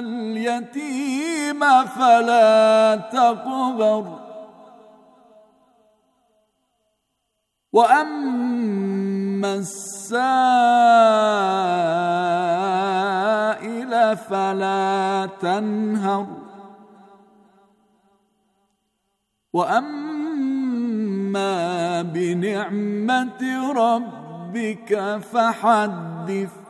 اليتيم فلا تقبر واما السائل فلا تنهر واما بنعمه ربك فحدث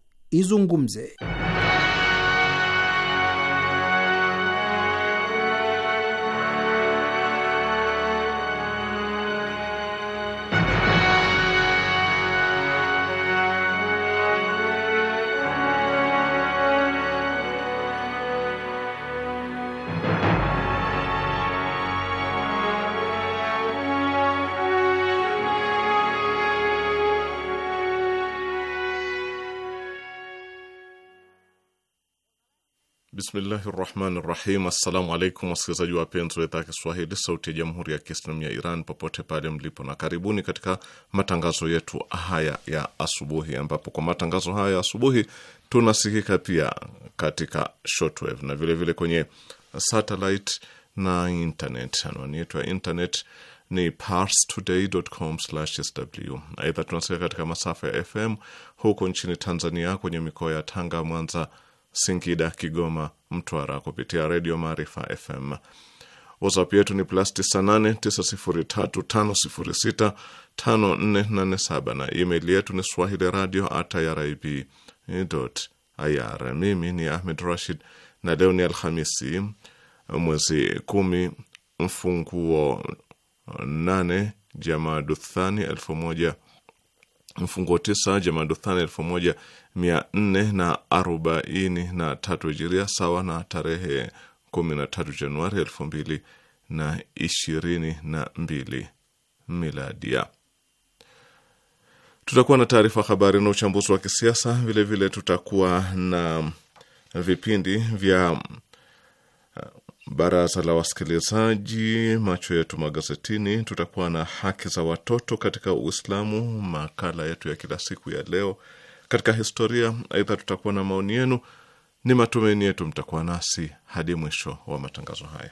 izungumze. Bismillahi rahmani rahim. Assalamu alaikum wasikilizaji wapenzi wa idhaa ya Kiswahili sauti ya jamhuri ya Kiislamu ya Iran popote pale mlipo, na karibuni katika matangazo yetu haya ya asubuhi, ambapo kwa matangazo haya ya asubuhi tunasikika pia katika shortwave na vilevile vile kwenye satellite na internet. Anwani yetu ya internet ni parstoday.com/sw. Aidha, tunasikika katika masafa ya FM huko nchini Tanzania, kwenye mikoa ya Tanga, Mwanza Singida, Kigoma, Mtwara kupitia Redio Maarifa FM. WhatsApp yetu ni plus 989035065487 na email yetu ni swahili radio at irib ir. Mimi ni Ahmed Rashid na leo ni Alhamisi mwezi kumi mfunguo nane Jamaduthani elfu moja mfungo tisa Jamaduthani elfu moja mia nne na arobaini na tatu hijiria sawa na tarehe kumi na tatu Januari elfu mbili na ishirini na mbili miladia. Tutakuwa na taarifa habari na uchambuzi wa kisiasa vilevile, tutakuwa na vipindi vya baraza la wasikilizaji, macho yetu magazetini, tutakuwa na haki za watoto katika Uislamu, makala yetu ya kila siku ya leo katika historia. Aidha, tutakuwa na maoni yenu. Ni matumaini yetu mtakuwa nasi hadi mwisho wa matangazo haya.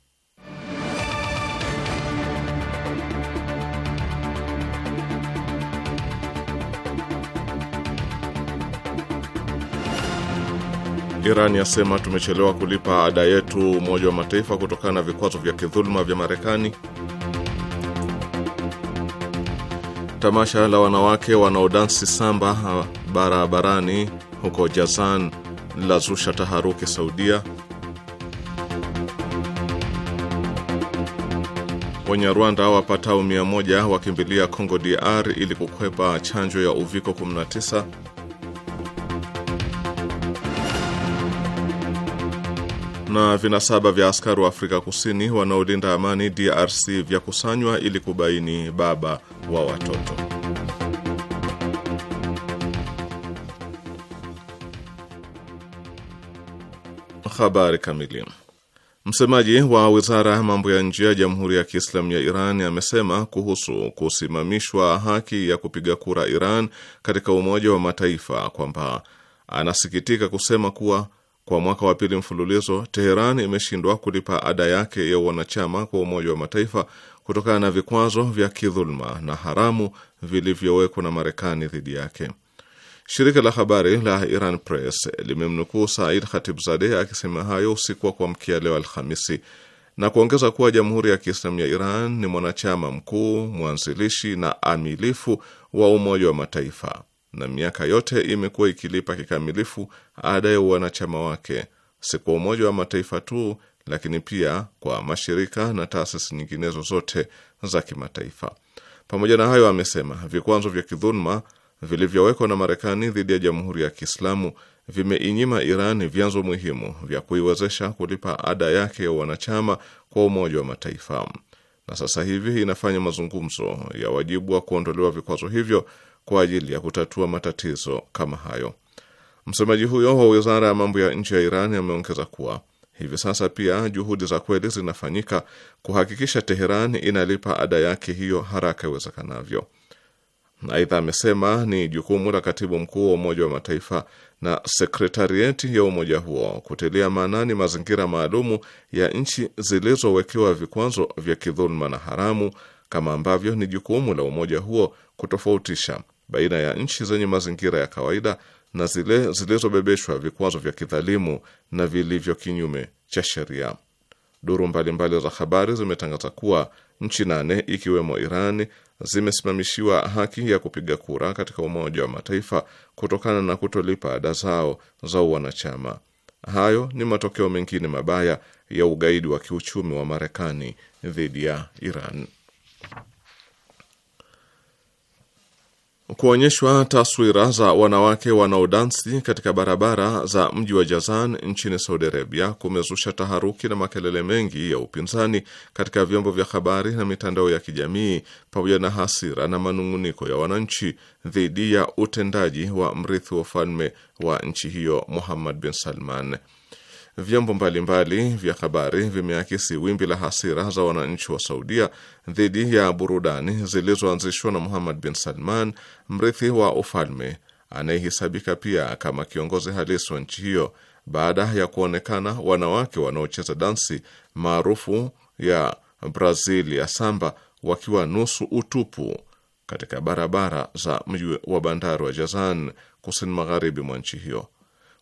Iran yasema tumechelewa kulipa ada yetu Umoja wa Mataifa kutokana na vikwazo vya kidhuluma vya Marekani. Tamasha la wanawake wanaodansi samba barabarani huko Jazan lazusha taharuki Saudia. wenye rwanda wapatao 100 wakimbilia Kongo DR ili kukwepa chanjo ya uviko 19. na vinasaba vya askari wa Afrika Kusini wanaolinda amani DRC vya kusanywa ili kubaini baba wa watoto. Habari kamili. Msemaji wa wizara ya mambo ya nje ya Jamhuri ya Kiislamu ya Iran amesema kuhusu kusimamishwa haki ya kupiga kura Iran katika Umoja wa Mataifa kwamba anasikitika kusema kuwa kwa mwaka wa pili mfululizo, Teheran imeshindwa kulipa ada yake ya wanachama kwa Umoja wa Mataifa kutokana na vikwazo vya kidhuluma na haramu vilivyowekwa na Marekani dhidi yake. Shirika la habari la Iran Press limemnukuu Said Khatibzadeh akisema hayo usiku wa kuamkia leo Alhamisi na kuongeza kuwa Jamhuri ya Kiislamu ya Iran ni mwanachama mkuu, mwanzilishi na amilifu wa Umoja wa Mataifa na miaka yote imekuwa ikilipa kikamilifu ada ya wanachama wake, si kwa Umoja wa Mataifa tu, lakini pia kwa mashirika na taasisi nyinginezo zote za kimataifa. Pamoja na hayo, amesema vikwazo vya kidhuluma vilivyowekwa na Marekani dhidi ya Jamhuri ya Kiislamu vimeinyima Iran vyanzo muhimu vya kuiwezesha kulipa ada yake ya wanachama kwa Umoja wa Mataifa, na sasa hivi inafanya mazungumzo ya wajibu wa kuondolewa vikwazo hivyo kwa ajili ya kutatua matatizo kama hayo. Msemaji huyo wa wizara ya mambo ya nje ya Iran ameongeza kuwa hivi sasa pia juhudi za kweli zinafanyika kuhakikisha Teheran inalipa ada yake hiyo haraka iwezekanavyo. Aidha amesema ni jukumu la katibu mkuu wa Umoja wa Mataifa na sekretarieti ya umoja huo kutilia maanani mazingira maalumu ya nchi zilizowekewa vikwazo vya kidhuluma na haramu, kama ambavyo ni jukumu la umoja huo kutofautisha baina ya nchi zenye mazingira ya kawaida na zile zilizobebeshwa vikwazo vya kidhalimu na vilivyo kinyume cha sheria. Duru mbalimbali za habari zimetangaza kuwa nchi nane ikiwemo Iran zimesimamishiwa haki ya kupiga kura katika Umoja wa Mataifa kutokana na kutolipa ada zao za uwanachama. Hayo ni matokeo mengine mabaya ya ugaidi wa kiuchumi wa Marekani dhidi ya Iran. kuonyeshwa taswira za wanawake wanaodansi katika barabara za mji wa Jazan nchini Saudi Arabia kumezusha taharuki na makelele mengi ya upinzani katika vyombo vya habari na mitandao ya kijamii pamoja na hasira na manung'uniko ya wananchi dhidi ya utendaji wa mrithi wa ufalme wa nchi hiyo Muhammad bin Salman. Vyombo mbalimbali vya habari vimeakisi wimbi la hasira za wananchi wa Saudia dhidi ya burudani zilizoanzishwa na Muhammad bin Salman, mrithi wa ufalme anayehesabika pia kama kiongozi halisi wa nchi hiyo, baada ya kuonekana wanawake wanaocheza dansi maarufu ya Brazil ya samba wakiwa nusu utupu katika barabara za mji wa bandari wa Jazan kusini magharibi mwa nchi hiyo,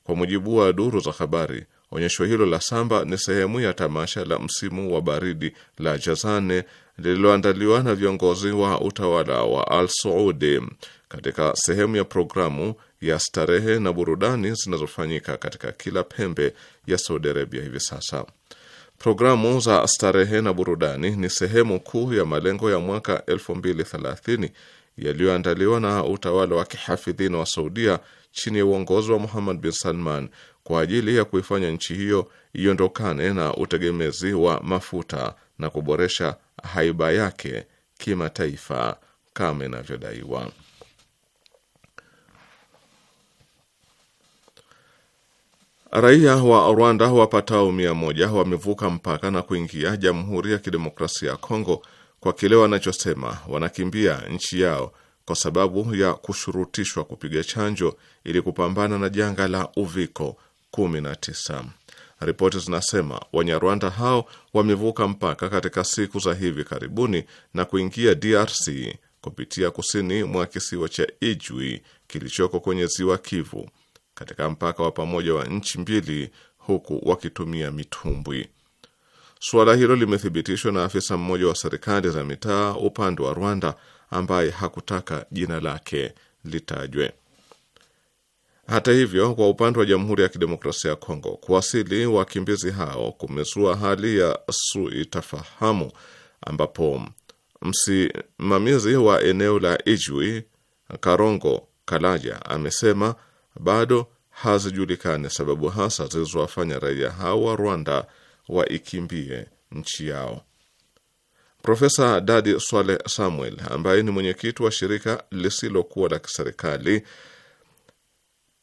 kwa mujibu wa duru za habari. Onyesho hilo la samba ni sehemu ya tamasha la msimu wa baridi la Jazane lililoandaliwa na viongozi wa utawala wa Al Saudi katika sehemu ya programu ya starehe na burudani zinazofanyika katika kila pembe ya Saudi Arabia hivi sasa. Programu za starehe na burudani ni sehemu kuu ya malengo ya mwaka 2030 yaliyoandaliwa na utawala wa kihafidhina wa Saudia chini ya uongozi wa Muhammad bin Salman kwa ajili ya kuifanya nchi hiyo iondokane na utegemezi wa mafuta na kuboresha haiba yake kimataifa kama inavyodaiwa. Raia wa Rwanda wapatao mia moja wamevuka mpaka na kuingia Jamhuri ya Kidemokrasia ya Kongo kwa kile wanachosema wanakimbia nchi yao kwa sababu ya kushurutishwa kupiga chanjo ili kupambana na janga la uviko 19. Ripoti zinasema Wanyarwanda hao wamevuka mpaka katika siku za hivi karibuni na kuingia DRC kupitia kusini mwa kisiwa cha Ijwi kilichoko kwenye ziwa Kivu katika mpaka wa pamoja wa nchi mbili huku wakitumia mitumbwi. Suala hilo limethibitishwa na afisa mmoja wa serikali za mitaa upande wa Rwanda ambaye hakutaka jina lake litajwe. Hata hivyo, kwa upande wa Jamhuri ya Kidemokrasia ya Kongo, kuwasili wakimbizi hao kumezua hali ya suitafahamu, ambapo msimamizi wa eneo la Ijwi Karongo Kalaja amesema bado hazijulikani sababu hasa zilizowafanya raia hao wa Rwanda waikimbie nchi yao. Profesa Dadi Swale Samuel ambaye ni mwenyekiti wa shirika lisilokuwa la kiserikali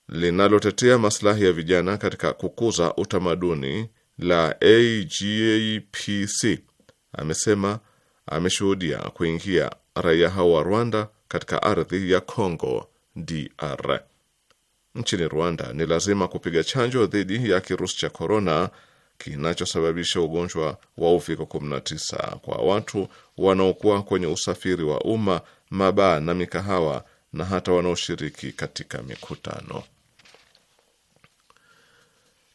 linalotetea maslahi ya vijana katika kukuza utamaduni la AGAPC amesema ameshuhudia kuingia raia hao wa Rwanda katika ardhi ya Congo DR. Nchini Rwanda ni lazima kupiga chanjo dhidi ya kirusi cha korona kinachosababisha ugonjwa wa uviko 19 kwa watu wanaokuwa kwenye usafiri wa umma, mabaa na mikahawa na hata wanaoshiriki katika mikutano.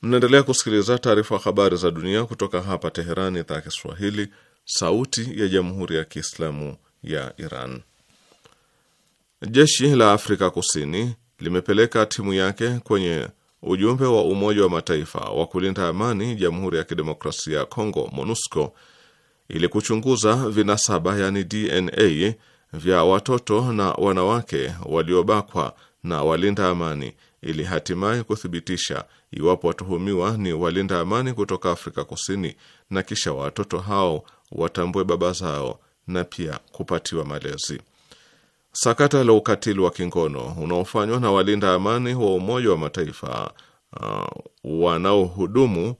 Mnaendelea kusikiliza taarifa habari za dunia kutoka hapa Teheran, idhaa ya Kiswahili, sauti ya jamhuri ya kiislamu ya Iran. Jeshi la Afrika Kusini limepeleka timu yake kwenye ujumbe wa Umoja wa Mataifa wa kulinda amani Jamhuri ya Kidemokrasia ya Kongo, MONUSCO, ili kuchunguza vinasaba, yani DNA, vya watoto na wanawake waliobakwa na walinda amani ili hatimaye kuthibitisha iwapo watuhumiwa ni walinda amani kutoka Afrika Kusini, na kisha watoto hao watambue baba zao na pia kupatiwa malezi. Sakata la ukatili wa kingono unaofanywa na walinda amani wa Umoja wa Mataifa uh, wanaohudumu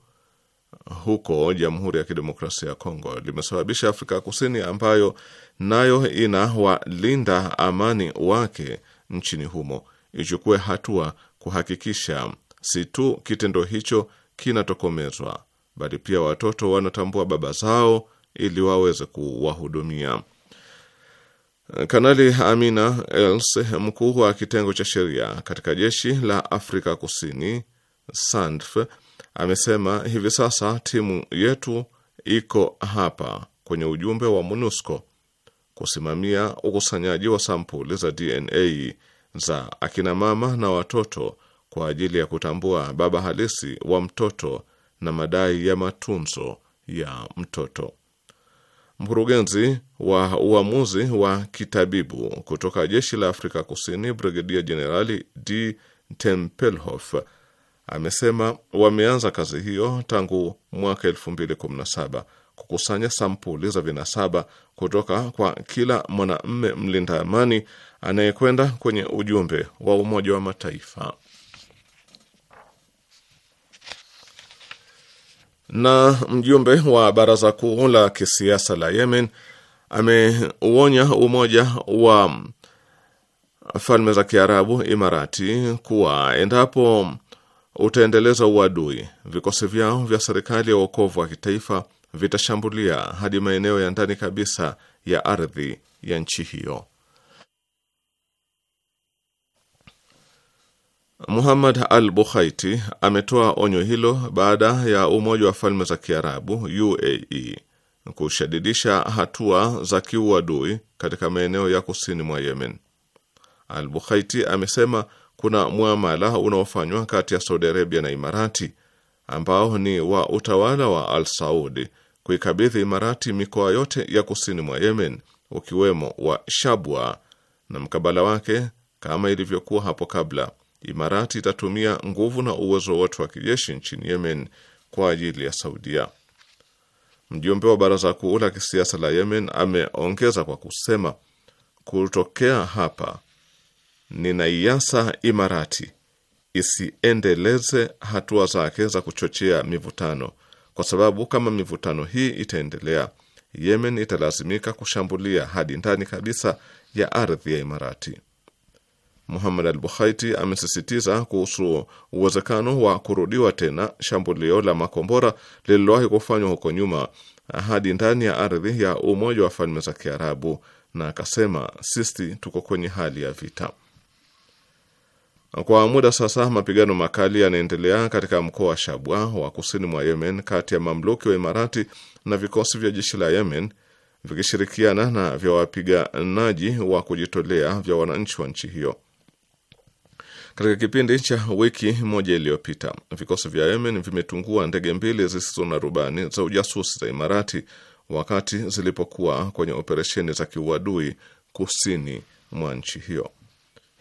huko Jamhuri ya Kidemokrasia ya Kongo limesababisha Afrika Kusini, ambayo nayo ina walinda amani wake nchini humo, ichukue hatua kuhakikisha si tu kitendo hicho kinatokomezwa, bali pia watoto wanatambua baba zao ili waweze kuwahudumia. Kanali Amina Els, mkuu wa kitengo cha sheria katika jeshi la Afrika Kusini SANDF, amesema hivi sasa timu yetu iko hapa kwenye ujumbe wa MONUSCO kusimamia ukusanyaji wa sampuli za DNA za akina mama na watoto kwa ajili ya kutambua baba halisi wa mtoto na madai ya matunzo ya mtoto. Mkurugenzi wa uamuzi wa kitabibu kutoka jeshi la Afrika Kusini, Brigedia Jenerali D Tempelhof amesema wameanza kazi hiyo tangu mwaka 2017 kukusanya sampuli za vinasaba kutoka kwa kila mwanamme mlinda amani anayekwenda kwenye ujumbe wa Umoja wa Mataifa Na mjumbe wa baraza kuu la kisiasa la Yemen ameuonya Umoja wa Falme za Kiarabu, Imarati, kuwa endapo utaendeleza uadui, vikosi vyao vya serikali ya uokovu wa kitaifa vitashambulia hadi maeneo ya ndani kabisa ya ardhi ya nchi hiyo. Muhammad al Bukhaiti ametoa onyo hilo baada ya Umoja wa Falme za Kiarabu UAE kushadidisha hatua za kiuadui katika maeneo ya kusini mwa Yemen. Al Bukhaiti amesema kuna mwamala unaofanywa kati ya Saudi Arabia na Imarati ambao ni wa utawala wa al Saudi kuikabidhi Imarati mikoa yote ya kusini mwa Yemen ukiwemo wa Shabwa na mkabala wake kama ilivyokuwa hapo kabla Imarati itatumia nguvu na uwezo wote wa kijeshi nchini Yemen kwa ajili ya Saudia. Mjumbe wa baraza kuu la kisiasa la Yemen ameongeza kwa kusema, kutokea hapa ninaiasa Imarati isiendeleze hatua zake za kuchochea mivutano, kwa sababu kama mivutano hii itaendelea, Yemen italazimika kushambulia hadi ndani kabisa ya ardhi ya Imarati. Muhammad al Bukhaiti amesisitiza kuhusu uwezekano wa kurudiwa tena shambulio la makombora lililowahi kufanywa huko nyuma hadi ndani ya ardhi ya Umoja wa Falme za Kiarabu, na akasema sisi tuko kwenye hali ya vita. Kwa muda sasa, mapigano makali yanaendelea katika mkoa wa Shabwa wa kusini mwa Yemen, kati ya mamluki wa Imarati na vikosi vya jeshi la Yemen vikishirikiana na vya wapiganaji wa kujitolea vya wananchi wa nchi hiyo. Katika kipindi cha wiki moja iliyopita, vikosi vya Yemen vimetungua ndege mbili zisizo na rubani za ujasusi za Imarati wakati zilipokuwa kwenye operesheni za kiuadui kusini mwa nchi hiyo.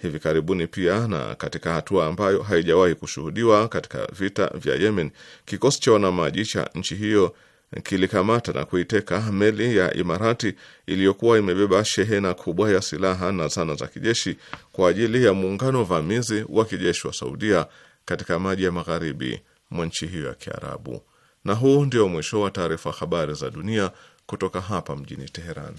Hivi karibuni pia, na katika hatua ambayo haijawahi kushuhudiwa katika vita vya Yemen, kikosi cha wanamaji cha nchi hiyo kilikamata na kuiteka meli ya Imarati iliyokuwa imebeba shehena kubwa ya silaha na zana za kijeshi kwa ajili ya muungano vamizi wa kijeshi wa Saudia katika maji ya magharibi mwa nchi hiyo ya Kiarabu. Na huu ndio mwisho wa taarifa habari za dunia kutoka hapa mjini Teheran.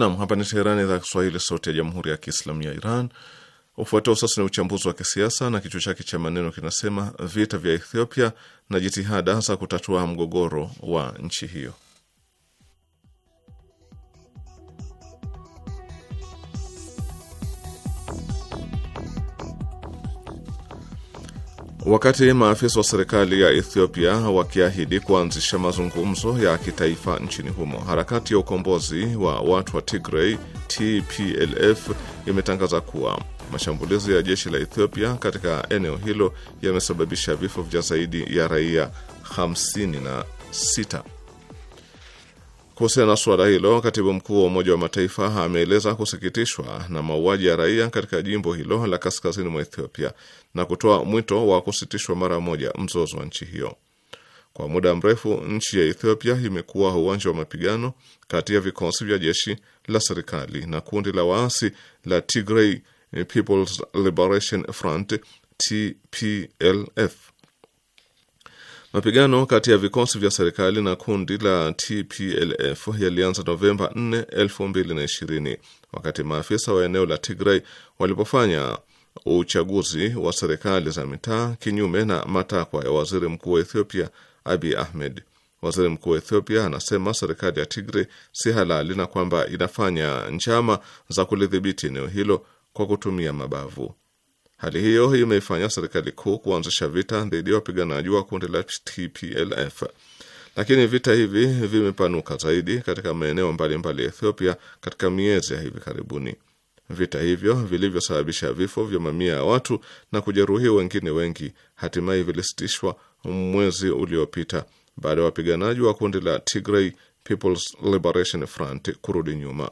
Nam, hapa ni Teherani, idhaa ya Kiswahili, sauti ya jamhuri ya kiislamu ya Iran. Ufuatao sasa ni uchambuzi wa kisiasa na kichwa chake cha maneno kinasema: vita vya Ethiopia na jitihada za kutatua mgogoro wa nchi hiyo. Wakati maafisa wa serikali ya Ethiopia wakiahidi kuanzisha mazungumzo ya kitaifa nchini humo, harakati ya ukombozi wa watu wa Tigray TPLF imetangaza kuwa mashambulizi ya jeshi la Ethiopia katika eneo hilo yamesababisha vifo vya zaidi ya raia 56. Kuhusiana na suala hilo, katibu mkuu wa Umoja wa Mataifa ameeleza kusikitishwa na mauaji ya raia katika jimbo hilo la kaskazini mwa Ethiopia na kutoa mwito wa kusitishwa mara moja mzozo wa nchi hiyo. Kwa muda mrefu nchi ya Ethiopia imekuwa uwanja wa mapigano kati ya vikosi vya jeshi la serikali na kundi la waasi la Tigray People's Liberation Front TPLF. Mapigano kati ya vikosi vya serikali na kundi la TPLF yalianza Novemba 4, 2020 wakati maafisa wa eneo la Tigray walipofanya uchaguzi wa serikali za mitaa kinyume na matakwa ya waziri mkuu wa Ethiopia Abiy Ahmed. Waziri mkuu wa Ethiopia anasema serikali ya Tigray si halali na kwamba inafanya njama za kulidhibiti eneo hilo kwa kutumia mabavu. Hali hiyo imeifanya serikali kuu kuanzisha vita dhidi ya wapiganaji wa kundi la TPLF, lakini vita hivi vimepanuka zaidi katika maeneo mbalimbali ya Ethiopia katika miezi ya hivi karibuni. Vita hivyo vilivyosababisha vifo vya mamia ya watu na kujeruhi wengine wengi, hatimaye vilisitishwa mwezi uliopita baada ya wapiganaji wa kundi la Tigray People's Liberation Front kurudi nyuma.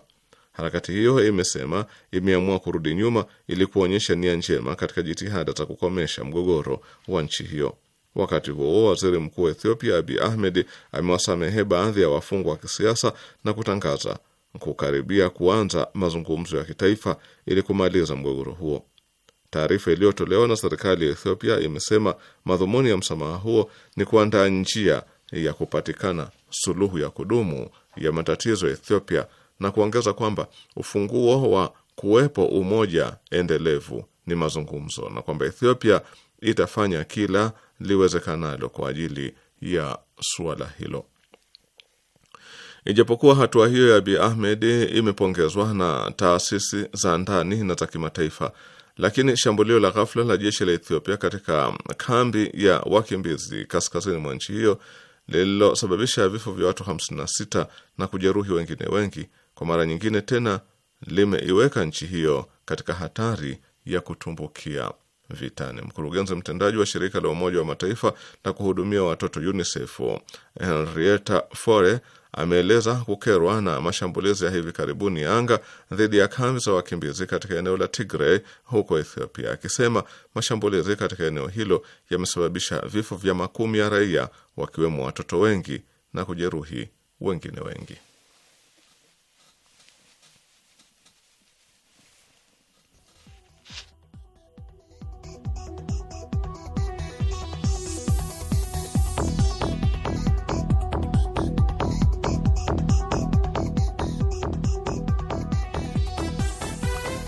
Harakati hiyo imesema imeamua kurudi nyuma ili kuonyesha nia njema katika jitihada za kukomesha mgogoro wa nchi hiyo. Wakati huo waziri mkuu wa Ethiopia Abi Ahmed amewasamehe baadhi ya wafungwa wa kisiasa na kutangaza kukaribia kuanza mazungumzo ya kitaifa ili kumaliza mgogoro huo. Taarifa iliyotolewa na serikali ya Ethiopia imesema madhumuni ya msamaha huo ni kuandaa njia ya kupatikana suluhu ya kudumu ya matatizo ya Ethiopia na kuongeza kwamba ufunguo wa kuwepo umoja endelevu ni mazungumzo na kwamba Ethiopia itafanya kila liwezekanalo kwa ajili ya suala hilo. Ijapokuwa hatua hiyo ya Abiy Ahmed imepongezwa na taasisi za ndani na za kimataifa, lakini shambulio la ghafla la jeshi la Ethiopia katika kambi ya wakimbizi kaskazini mwa nchi hiyo lililosababisha vifo vya watu 56 na kujeruhi wengine wengi kwa mara nyingine tena limeiweka nchi hiyo katika hatari ya kutumbukia vitani. Mkurugenzi mtendaji wa shirika la Umoja wa Mataifa la kuhudumia watoto UNICEF Henrietta Fore ameeleza kukerwa na mashambulizi ya hivi karibuni ya anga dhidi ya kambi za wakimbizi katika eneo la Tigray huko Ethiopia, akisema mashambulizi katika eneo hilo yamesababisha vifo vya makumi ya raia, wakiwemo watoto wengi na kujeruhi wengine wengi.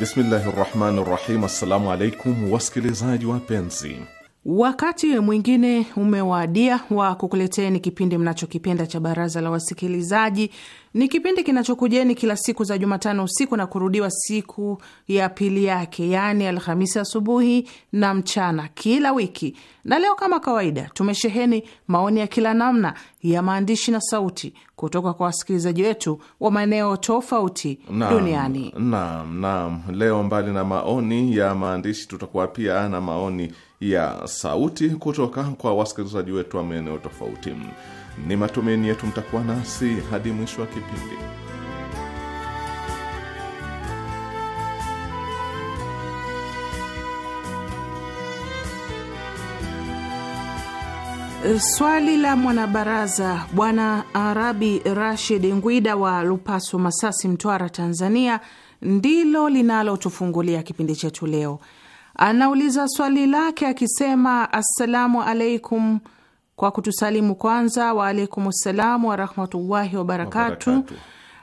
Bismillahi rahmani rahim. Assalamu alaikum wasikilizaji wapenzi Wakati mwingine umewadia wa kukuleteni kipindi mnachokipenda cha baraza la wasikilizaji. Ni kipindi kinachokujeni kila siku za Jumatano usiku na kurudiwa siku ya pili yake, yaani Alhamisi asubuhi na mchana kila wiki. Na leo kama kawaida, tumesheheni maoni ya kila namna ya maandishi na sauti kutoka kwa wasikilizaji wetu wa maeneo tofauti duniani. Naam, naam, leo mbali na maoni ya maandishi, tutakuwa pia na maoni ya sauti kutoka kwa wasikilizaji wetu wa maeneo tofauti. Ni matumaini yetu mtakuwa nasi hadi mwisho wa kipindi. Swali la mwanabaraza Bwana Arabi Rashid Ngwida wa Lupaso, Masasi, Mtwara, Tanzania ndilo linalotufungulia kipindi chetu leo anauliza swali lake akisema assalamu alaikum, kwa kutusalimu kwanza. Waalaikum ssalamu warahmatullahi wabarakatu.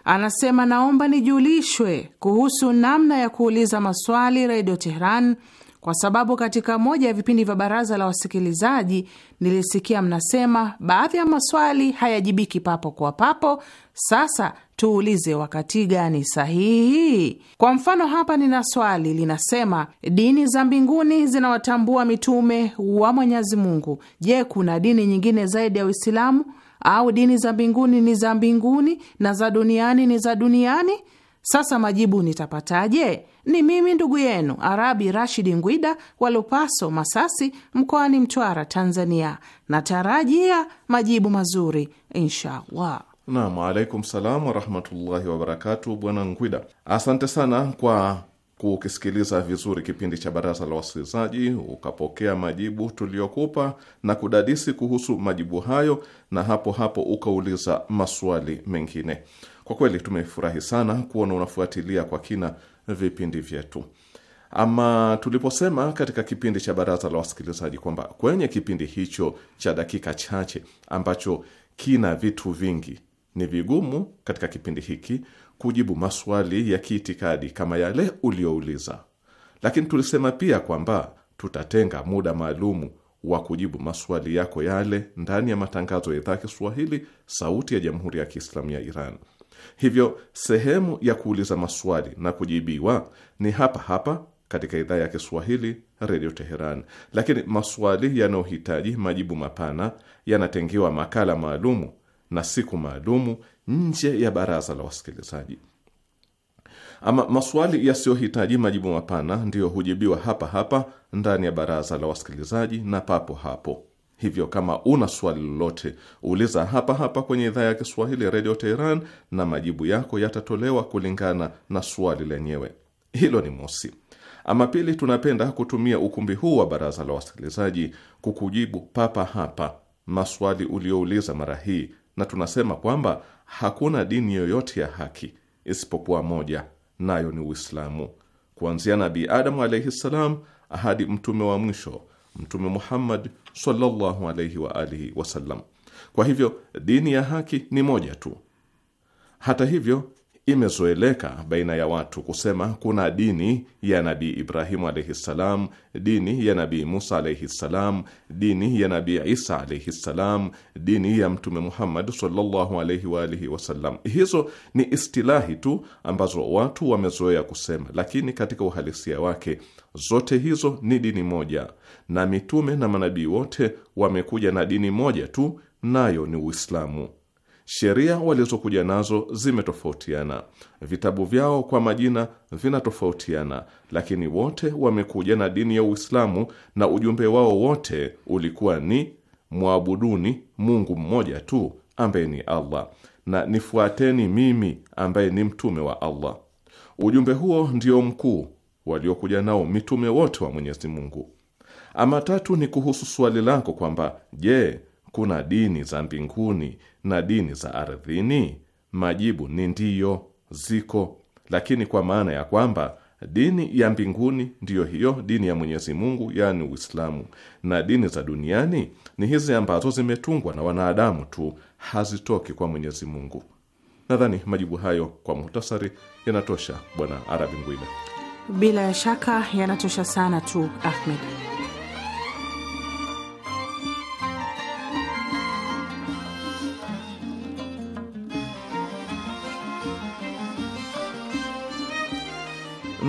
Anasema naomba nijulishwe kuhusu namna ya kuuliza maswali Redio Tehran kwa sababu katika moja ya vipindi vya baraza la wasikilizaji nilisikia mnasema baadhi ya maswali hayajibiki papo kwa papo. Sasa tuulize wakati gani sahihi? Kwa mfano, hapa nina swali linasema, dini za mbinguni zinawatambua mitume wa Mwenyezi Mungu. Je, kuna dini nyingine zaidi ya Uislamu au dini za mbinguni ni za mbinguni na za duniani ni za duniani? Sasa majibu nitapataje? Ni mimi ndugu yenu Arabi Rashidi Ngwida wa Lupaso, Masasi, mkoani Mtwara, Tanzania. Natarajia majibu mazuri inshallah. Naam, alaikum salam warahmatullahi wabarakatu. Bwana Ngwida, asante sana kwa kukisikiliza vizuri kipindi cha Baraza la Wasikilizaji, ukapokea majibu tuliyokupa na kudadisi kuhusu majibu hayo, na hapo hapo ukauliza maswali mengine. Kwa kweli tumefurahi sana kuona unafuatilia kwa kina vipindi vyetu. Ama tuliposema katika kipindi cha baraza la wasikilizaji kwamba kwenye kipindi hicho cha dakika chache ambacho kina vitu vingi, ni vigumu katika kipindi hiki kujibu maswali ya kiitikadi kama yale uliouliza lakini tulisema pia kwamba tutatenga muda maalumu wa kujibu maswali yako yale ndani ya matangazo ya idhaa Kiswahili, Sauti ya Jamhuri ya Kiislamu ya Iran. Hivyo sehemu ya kuuliza maswali na kujibiwa ni hapa hapa katika idhaa ya Kiswahili Redio Teheran, lakini maswali yanayohitaji majibu mapana yanatengewa makala maalumu na siku maalumu nje ya baraza la wasikilizaji. Ama maswali yasiyohitaji majibu mapana ndiyo hujibiwa hapa hapa ndani ya baraza la wasikilizaji na papo hapo. Hivyo kama una swali lolote, uliza hapa hapa kwenye idhaa ya Kiswahili ya Redio Teheran na majibu yako yatatolewa kulingana na swali lenyewe. Hilo ni mosi. Ama pili, tunapenda kutumia ukumbi huu wa baraza la wasikilizaji kukujibu papa hapa maswali uliouliza mara hii, na tunasema kwamba hakuna dini yoyote ya haki isipokuwa moja, nayo ni Uislamu. Kuanzia Nabii Adamu alaihi ssalam hadi mtume wa mwisho Mtume Muhammad sallallahu alayhi wa alihi wasallam. Kwa hivyo dini ya haki ni moja tu. Hata hivyo, imezoeleka baina ya watu kusema kuna dini ya Nabii Ibrahimu alayhi ssalam dini ya Nabii Musa alayhi ssalam dini ya Nabii Isa alayhi salam, dini ya Mtume Muhammad sallallahu alayhi wa alihi wasallam. Hizo ni istilahi tu ambazo watu wamezoea kusema, lakini katika uhalisia wake zote hizo ni dini moja na mitume na manabii wote wamekuja na dini moja tu, nayo ni Uislamu. Sheria walizokuja nazo zimetofautiana, vitabu vyao kwa majina vinatofautiana, lakini wote wamekuja na dini ya Uislamu, na ujumbe wao wote ulikuwa ni mwabuduni Mungu mmoja tu ambaye ni Allah, na nifuateni mimi ambaye ni mtume wa Allah. Ujumbe huo ndio mkuu waliokuja nao mitume wote wa Mwenyezi Mungu. Ama tatu ni kuhusu suali lako kwamba je, kuna dini za mbinguni na dini za ardhini? Majibu ni ndiyo, ziko, lakini kwa maana ya kwamba dini ya mbinguni ndiyo hiyo dini ya Mwenyezi Mungu, yaani Uislamu, na dini za duniani ni hizi ambazo zimetungwa na wanadamu tu, hazitoki kwa Mwenyezi Mungu. Nadhani majibu hayo kwa muhtasari yanatosha, Bwana Arabi Ngwila. Bila shaka yanatosha sana tu, Ahmed.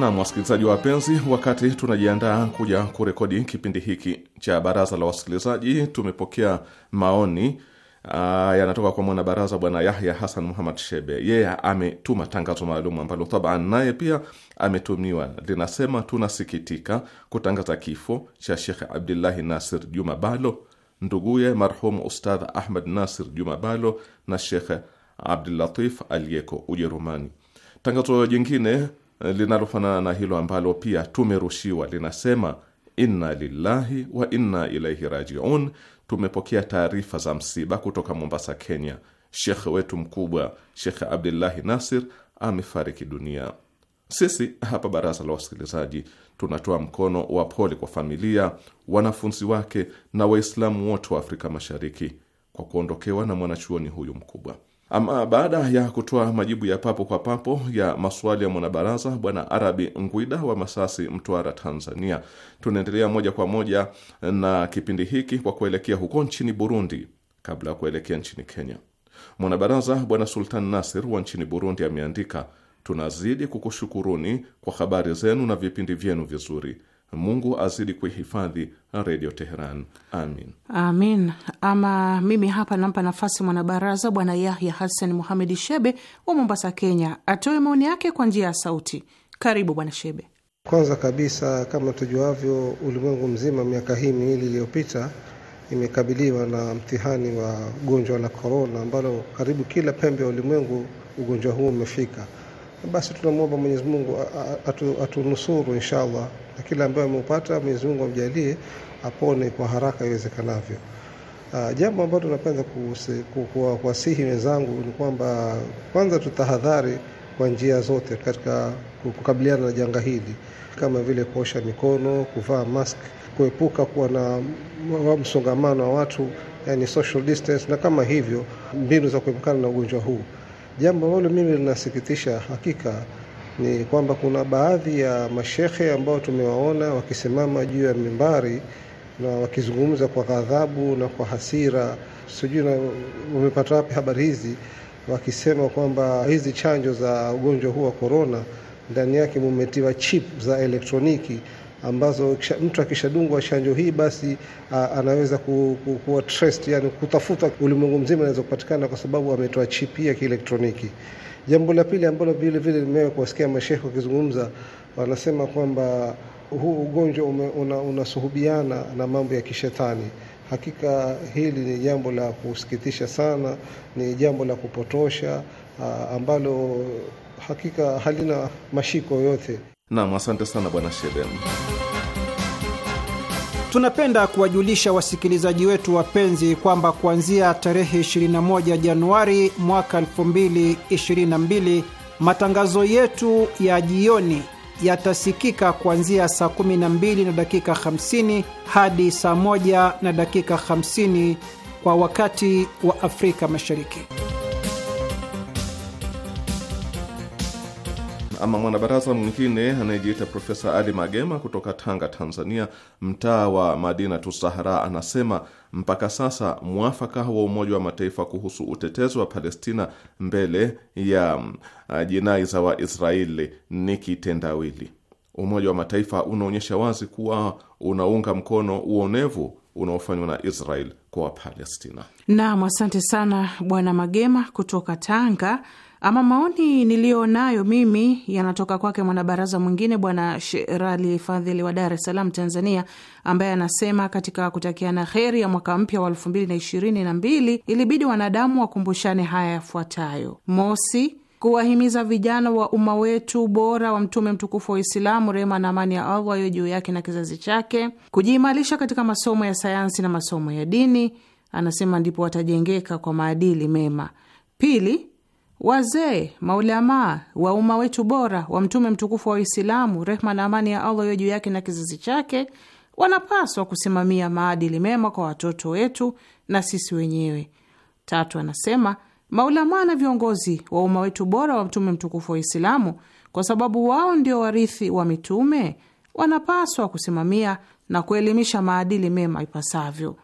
na wasikilizaji wapenzi, wakati tunajiandaa kuja kurekodi kipindi hiki cha baraza la wasikilizaji, tumepokea maoni ah, yanatoka kwa mwanabaraza Bwana Yahya Hasan Muhamad Shebe. Yeye yeah, ametuma tangazo maalum ambalo taban naye pia ametumiwa, linasema: tunasikitika kutangaza kifo cha Shekh Abdullahi Nasir Juma Balo, nduguye marhum Ustadh Ahmad Nasir Juma Balo na Shekh Abdulatif aliyeko Ujerumani. Tangazo jingine Eh, linalofanana na hilo ambalo pia tumerushiwa linasema: inna lillahi wa inna ilaihi rajiun. Tumepokea taarifa za msiba kutoka Mombasa, Kenya. Shekhe wetu mkubwa Shekhe Abdullahi Nasir amefariki dunia. Sisi hapa Baraza la Wasikilizaji tunatoa mkono wa pole kwa familia, wanafunzi wake na Waislamu wote wa Afrika Mashariki kwa kuondokewa na mwanachuoni huyu mkubwa. Ama baada ya kutoa majibu ya papo kwa papo ya maswali ya mwanabaraza Bwana Arabi Ngwida wa Masasi, Mtwara, Tanzania, tunaendelea moja kwa moja na kipindi hiki kwa kuelekea huko nchini Burundi kabla ya kuelekea nchini Kenya. Mwanabaraza Bwana Sultan Nasir wa nchini Burundi ameandika, tunazidi kukushukuruni kwa habari zenu na vipindi vyenu vizuri Mungu azidi kuihifadhi Redio Teheran. Amin, amin. Ama mimi hapa nampa nafasi mwanabaraza Bwana Yahya Hassan Muhamedi Shebe wa Mombasa, Kenya, atoe maoni yake kwa njia ya sauti. Karibu Bwana Shebe. Kwanza kabisa, kama tujuavyo, ulimwengu mzima miaka hii miwili iliyopita imekabiliwa na mtihani wa ugonjwa la korona, ambalo karibu kila pembe ya ulimwengu ugonjwa huu umefika basi tunamwomba Mwenyezi Mungu atunusuru atu insha Allah, na kila ambayo ameupata Mwenyezi Mungu amjalie apone kwa haraka iwezekanavyo. Uh, jambo ambalo tunapenda kuwasihi wenzangu ni kwamba kwanza tutahadhari kwa njia zote katika kukabiliana na janga hili, kama vile kuosha mikono, kuvaa mask, kuepuka kuwa na msongamano wa watu, yani social distance, na kama hivyo mbinu za kuepukana na ugonjwa huu. Jambo ambalo mimi linasikitisha hakika ni kwamba kuna baadhi ya mashehe ambao tumewaona wakisimama juu ya mimbari na wakizungumza kwa ghadhabu na kwa hasira, sijui na wapi habari hizi, wakisema kwamba hizi chanjo za ugonjwa huu wa korona ndani yake mumetiwa chip za elektroniki ambazo kisha, mtu akishadungwa chanjo hii basi a, anaweza ku, ku, kuwa traced, yani kutafuta ulimwengu mzima, anaweza kupatikana kwa sababu ametoa chip ya kielektroniki. Jambo la pili ambalo vile vile nimewahi kuwasikia mashehe wakizungumza, wanasema kwamba huu ugonjwa unasuhubiana na mambo ya kishetani. Hakika hili ni jambo la kusikitisha sana, ni jambo la kupotosha a, ambalo hakika halina mashiko yote Nam, asante sana bwana Sheben. Tunapenda kuwajulisha wasikilizaji wetu wapenzi kwamba kuanzia tarehe 21 Januari mwaka 2022 matangazo yetu ya jioni yatasikika kuanzia saa 12 na dakika 50 hadi saa 1 na dakika 50 kwa wakati wa Afrika Mashariki. Ama mwanabaraza mwingine anayejiita Profesa Ali Magema kutoka Tanga, Tanzania, mtaa wa Madina Tusahara, anasema mpaka sasa mwafaka wa Umoja wa Mataifa kuhusu utetezi wa Palestina mbele ya uh, jinai za Waisraeli ni kitendawili. Umoja wa Mataifa unaonyesha wazi kuwa unaunga mkono uonevu unaofanywa na Israel kwa Wapalestina. Naam, asante sana Bwana Magema kutoka Tanga. Ama maoni niliyonayo mimi yanatoka kwake mwanabaraza mwingine Bwana Sherali Fadhili wa Dar es Salaam, Tanzania, ambaye anasema katika kutakiana heri ya mwaka mpya wa elfu mbili na ishirini na mbili ilibidi wanadamu wakumbushane haya yafuatayo: mosi, kuwahimiza vijana wa umma wetu bora wa mtume mtukufu wa Uislamu, rehma na amani ya Allah iwe juu yake na kizazi chake, kujiimarisha katika masomo ya sayansi na masomo ya dini. Anasema ndipo watajengeka kwa maadili mema. Pili, wazee maulamaa wa umma wetu bora wa mtume mtukufu wa Uislamu, rehma na amani ya Allah iwe juu yake na kizazi chake, wanapaswa kusimamia maadili mema kwa watoto wetu na sisi wenyewe. Tatu, anasema maulamaa na viongozi wa umma wetu bora wa mtume mtukufu wa Uislamu, kwa sababu wao ndio warithi wa mitume, wanapaswa kusimamia na kuelimisha maadili mema ipasavyo,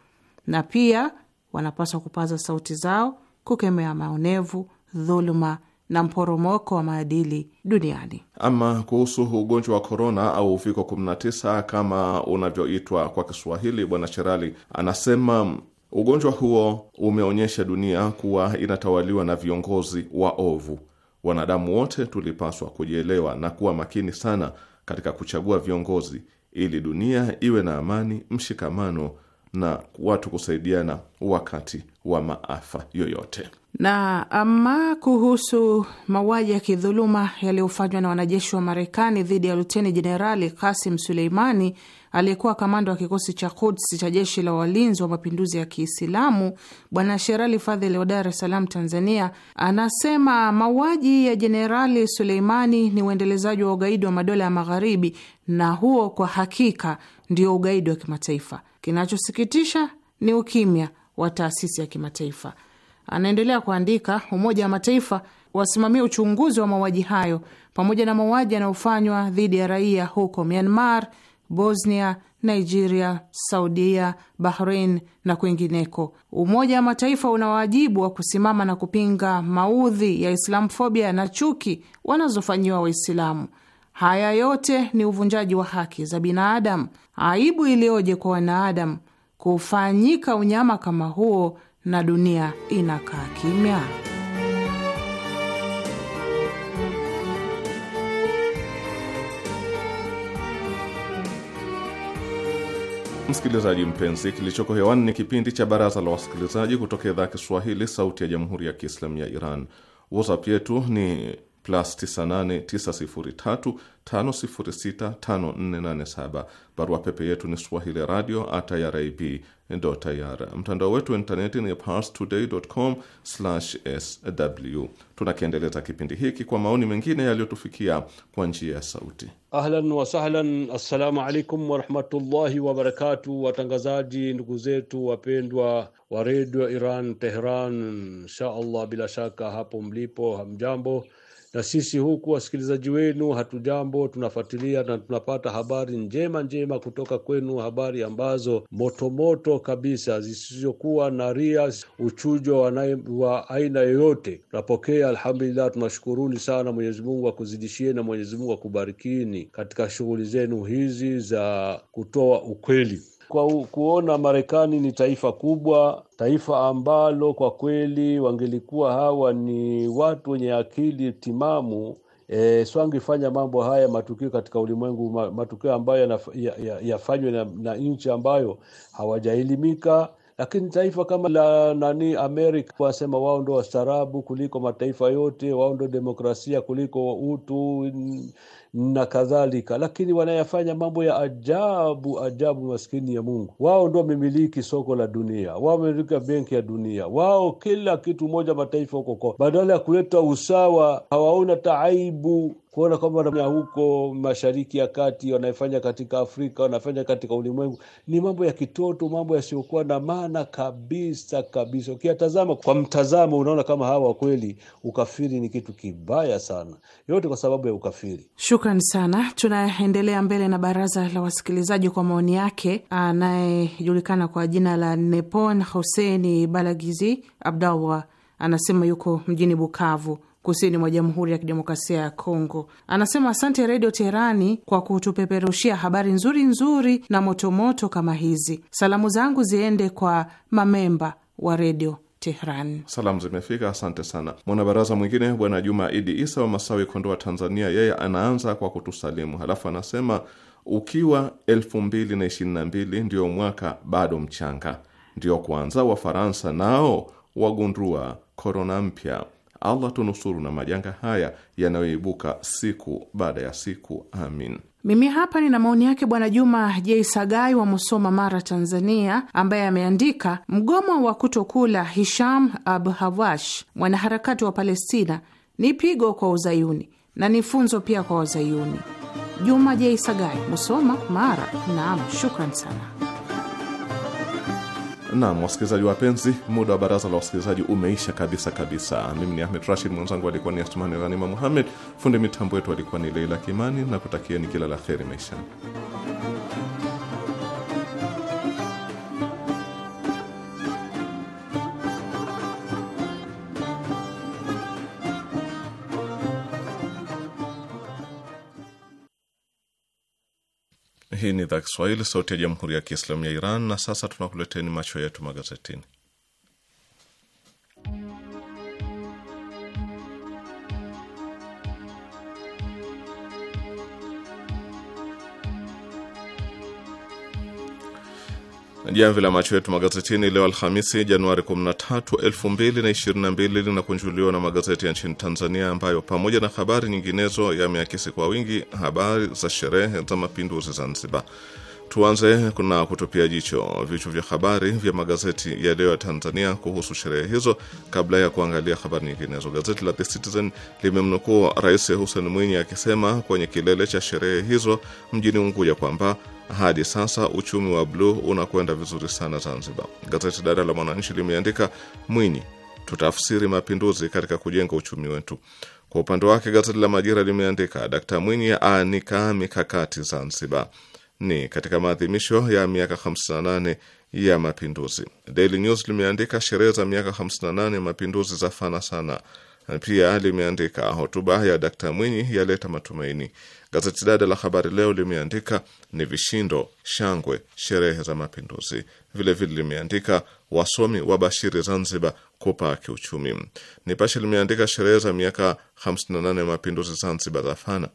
na pia wanapaswa kupaza sauti zao kukemea maonevu dhuluma na mporomoko wa maadili duniani. Ama kuhusu ugonjwa wa korona au uviko 19 kama unavyoitwa kwa Kiswahili, Bwana Sherali anasema ugonjwa huo umeonyesha dunia kuwa inatawaliwa na viongozi wa ovu Wanadamu wote tulipaswa kujielewa na kuwa makini sana katika kuchagua viongozi, ili dunia iwe na amani, mshikamano na watu kusaidiana wakati wa maafa yoyote. Na ama kuhusu mauaji ya kidhuluma yaliyofanywa na wanajeshi wa Marekani dhidi ya Luteni Jenerali Kasim Suleimani aliyekuwa kamanda wa kikosi cha Kuds cha jeshi la walinzi wa mapinduzi ya Kiislamu, Bwana Sherali Fadhili wa Dar es Salaam, Tanzania, anasema mauaji ya Jenerali Suleimani ni uendelezaji wa ugaidi wa madola ya Magharibi, na huo kwa hakika ndio ugaidi wa kimataifa. Kinachosikitisha ni ukimya wa taasisi ya kimataifa. Anaendelea kuandika, Umoja wa Mataifa wasimamia uchunguzi wa mauaji hayo pamoja na mauaji yanayofanywa dhidi ya raia huko Myanmar, Bosnia, Nigeria, Saudia, Bahrain na kwingineko. Umoja wa Mataifa una wajibu wa kusimama na kupinga maudhi ya islamfobia na chuki wanazofanyiwa Waislamu. Haya yote ni uvunjaji wa haki za binadamu Aibu iliyoje kwa wanaadamu kufanyika unyama kama huo, na dunia inakaa kimya. Msikilizaji mpenzi, kilichoko hewani ni kipindi cha Baraza la Wasikilizaji kutoka idhaa ya Kiswahili, Sauti ya Jamhuri ya Kiislamu ya Iran. WhatsApp yetu ni plus 98 903 506 5487 Barua pepe yetu ni swahili radio at irib Mtandao wetu wa intaneti ni parstoday.com sw. Tunakiendeleza kipindi hiki kwa maoni mengine yaliyotufikia kwa njia ya sauti. Ahlan wasahlan, assalamu alaikum warahmatullahi wabarakatu. Watangazaji ndugu zetu wapendwa wa redio Iran Tehran, insha allah, bila shaka hapo mlipo hamjambo na sisi huku wasikilizaji wenu hatujambo, tunafuatilia na tunapata habari njema njema kutoka kwenu, habari ambazo motomoto moto kabisa zisizokuwa na ria, uchujo wa aina yoyote tunapokea. Alhamdulillah, tunashukuruni sana. Mwenyezi Mungu akuzidishie na Mwenyezi Mungu akubarikini katika shughuli zenu hizi za kutoa ukweli kwa kuona Marekani ni taifa kubwa, taifa ambalo kwa kweli wangelikuwa hawa ni watu wenye akili timamu E, eh, swangifanya mambo haya matukio katika ulimwengu, matukio ambayo yafanywe ya, ya na, na nchi ambayo hawajaelimika. Lakini taifa kama la nani Amerika wasema wao ndo wastaarabu kuliko mataifa yote, wao ndo demokrasia kuliko utu na kadhalika, lakini wanayafanya mambo ya ajabu ajabu. Maskini ya Mungu, wao ndo wamemiliki soko la dunia, wao wamemiliki benki ya dunia, wao kila kitu moja, mataifa huko huko. Badala ya kuleta usawa, hawaona taaibu kuona kwamba huko Mashariki ya Kati wanaifanya katika Afrika wanafanya katika ulimwengu ni mambo ya kitoto, mambo yasiyokuwa na maana kabisa kabisa. Ukiyatazama kwa mtazamo, unaona kama hawa kweli, ukafiri ni kitu kibaya sana, yote kwa sababu ya ukafiri Shuka Shukran sana. Tunaendelea mbele na baraza la wasikilizaji kwa maoni yake, anayejulikana kwa jina la Nepon Huseni Balagizi Abdallah anasema yuko mjini Bukavu kusini mwa Jamhuri ya Kidemokrasia ya Kongo. Anasema asante Redio Teherani kwa kutupeperushia habari nzuri nzuri na motomoto kama hizi. Salamu zangu ziende kwa mamemba wa redio Tehran. Salamu zimefika, asante sana. Mwanabaraza mwingine Bwana Juma Idi Isa wa Masawi, Kondoa, Tanzania, yeye anaanza kwa kutusalimu, halafu anasema ukiwa elfu mbili na ishirini na mbili ndio mwaka bado mchanga, ndio kwanza Wafaransa nao wagundua korona mpya. Allah tunusuru na majanga haya yanayoibuka siku baada ya siku, amin. Mimi hapa nina maoni yake Bwana Juma J Sagai wa Musoma, Mara, Tanzania, ambaye ameandika mgomo wa kutokula Hisham Abu Hawash, mwanaharakati wa Palestina, ni pigo kwa Uzayuni na ni funzo pia kwa Wazayuni. Juma J Sagai, Musoma, Mara. Naam, shukran sana. Naam, wasikilizaji wapenzi, muda wa baraza la wasikilizaji umeisha kabisa kabisa. Mimi ni Ahmed Rashid, mwenzangu alikuwa ni Astumani Ghanima Muhammed, fundi mitambo wetu alikuwa ni Leila Kimani, na kutakieni kila la kheri maishani. Hii ni idhaa Kiswahili, sauti ya jamhuri ya kiislamu ya Iran. Na sasa tunakuleteni macho yetu magazetini. Jamvi la macho yetu magazetini leo Alhamisi, Januari 13, 2022 linakunjuliwa na magazeti ya nchini Tanzania ambayo pamoja na habari nyinginezo yameakisi kwa wingi habari za sherehe za mapinduzi Zanzibar. Tuanze kuna kutupia jicho vichwa vya habari vya magazeti ya leo ya Tanzania kuhusu sherehe hizo, kabla ya kuangalia habari nyinginezo. Gazeti la The Citizen limemnukuu Rais Hussein Mwinyi akisema kwenye kilele cha sherehe hizo mjini Unguja kwamba hadi sasa uchumi wa bluu unakwenda vizuri sana Zanzibar. Gazeti dada la Mwananchi limeandika Mwinyi, tutafsiri mapinduzi katika kujenga uchumi wetu. Kwa upande wake gazeti la Majira limeandika Dkt Mwinyi aanika mikakati Zanzibar, ni katika maadhimisho ya miaka 58 ya mapinduzi. Daily News limeandika sherehe za miaka 58 mapinduzi za fana sana. Pia limeandika hotuba ya Dkt Mwinyi yaleta matumaini. Gazeti dada la Habari Leo limeandika ni vishindo, shangwe, sherehe za mapinduzi. Vilevile limeandika wasomi wa bashiri Zanzibar kupaa kiuchumi. Nipashe limeandika sherehe za miaka 58 ya mapinduzi Zanzibar za fana.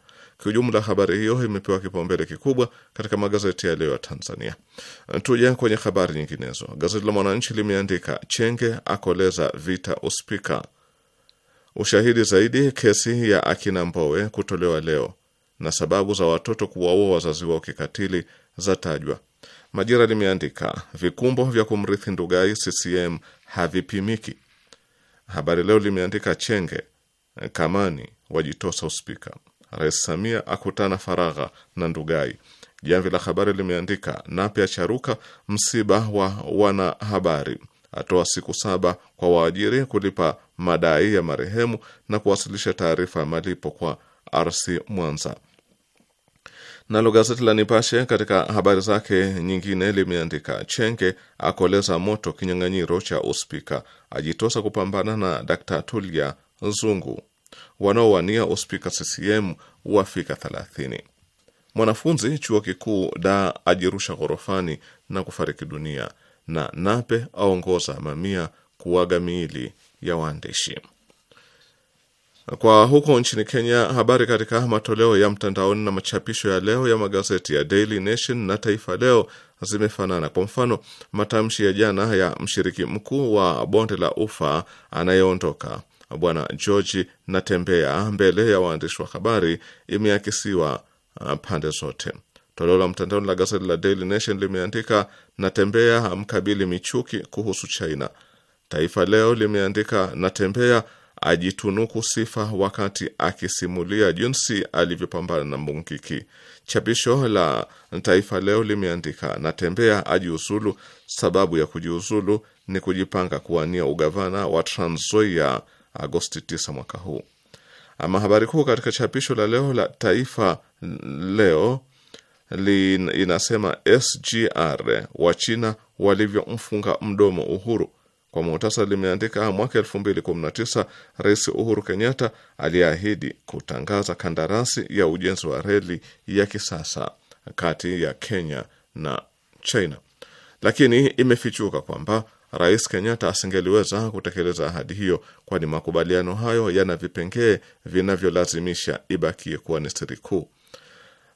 Kiujumla, habari hiyo imepewa kipaumbele kikubwa katika magazeti ya leo ya Tanzania. Tuja kwenye habari nyinginezo, gazeti la Mwananchi limeandika Chenge akoleza vita uspika, ushahidi zaidi kesi ya akina Mbowe kutolewa leo na sababu za watoto kuwaua wazazi wao kikatili zatajwa. Majira limeandika vikumbo vya kumrithi Ndugai CCM havipimiki. Habari Leo limeandika Chenge Kamani wajitosa uspika, Rais Samia akutana faragha na Ndugai. Jamvi la Habari limeandika Nape acharuka msiba wa wanahabari, atoa siku saba kwa waajiri kulipa madai ya marehemu na kuwasilisha taarifa ya malipo kwa RC Mwanza. Nalo gazeti la Nipashe katika habari zake nyingine limeandika Chenge akoleza moto kinyang'anyiro cha uspika, ajitosa kupambana na Dkt Tulia Zungu, wanaowania uspika CCM wafika 30. Mwanafunzi chuo kikuu da ajirusha ghorofani na kufariki dunia, na Nape aongoza mamia kuaga miili ya waandishi. Kwa huko nchini Kenya, habari katika matoleo ya mtandaoni na machapisho ya leo ya magazeti ya Daily Nation na Taifa Leo zimefanana. Kwa mfano, matamshi ya jana ya mshiriki mkuu wa bonde la ufa anayeondoka Bwana George Natembea mbele ya waandishi wa habari imeakisiwa uh, pande zote. Toleo la mtandaoni la gazeti la Daily Nation limeandika Natembea amkabili Michuki kuhusu China. Taifa Leo limeandika Natembea ajitunuku sifa wakati akisimulia jinsi alivyopambana na Mbungiki. Chapisho la Taifa Leo limeandika Natembea ajiuzulu, sababu ya kujiuzulu ni kujipanga kuwania ugavana wa Trans Nzoia Agosti 9 mwaka huu. Ama habari kuu katika chapisho la leo la Taifa Leo li inasema SGR wa China walivyomfunga mdomo Uhuru. Kwa muhtasari, limeandika mwaka tisa Rais Uhuru Kenyatta aliyeahidi kutangaza kandarasi ya ujenzi wa reli ya kisasa kati ya Kenya na China, lakini imefichuka kwamba Rais Kenyatta asingeliweza kutekeleza ahadi hiyo, kwani makubaliano hayo yana vipengee vinavyolazimisha ibakie kuwa ni siri kuu.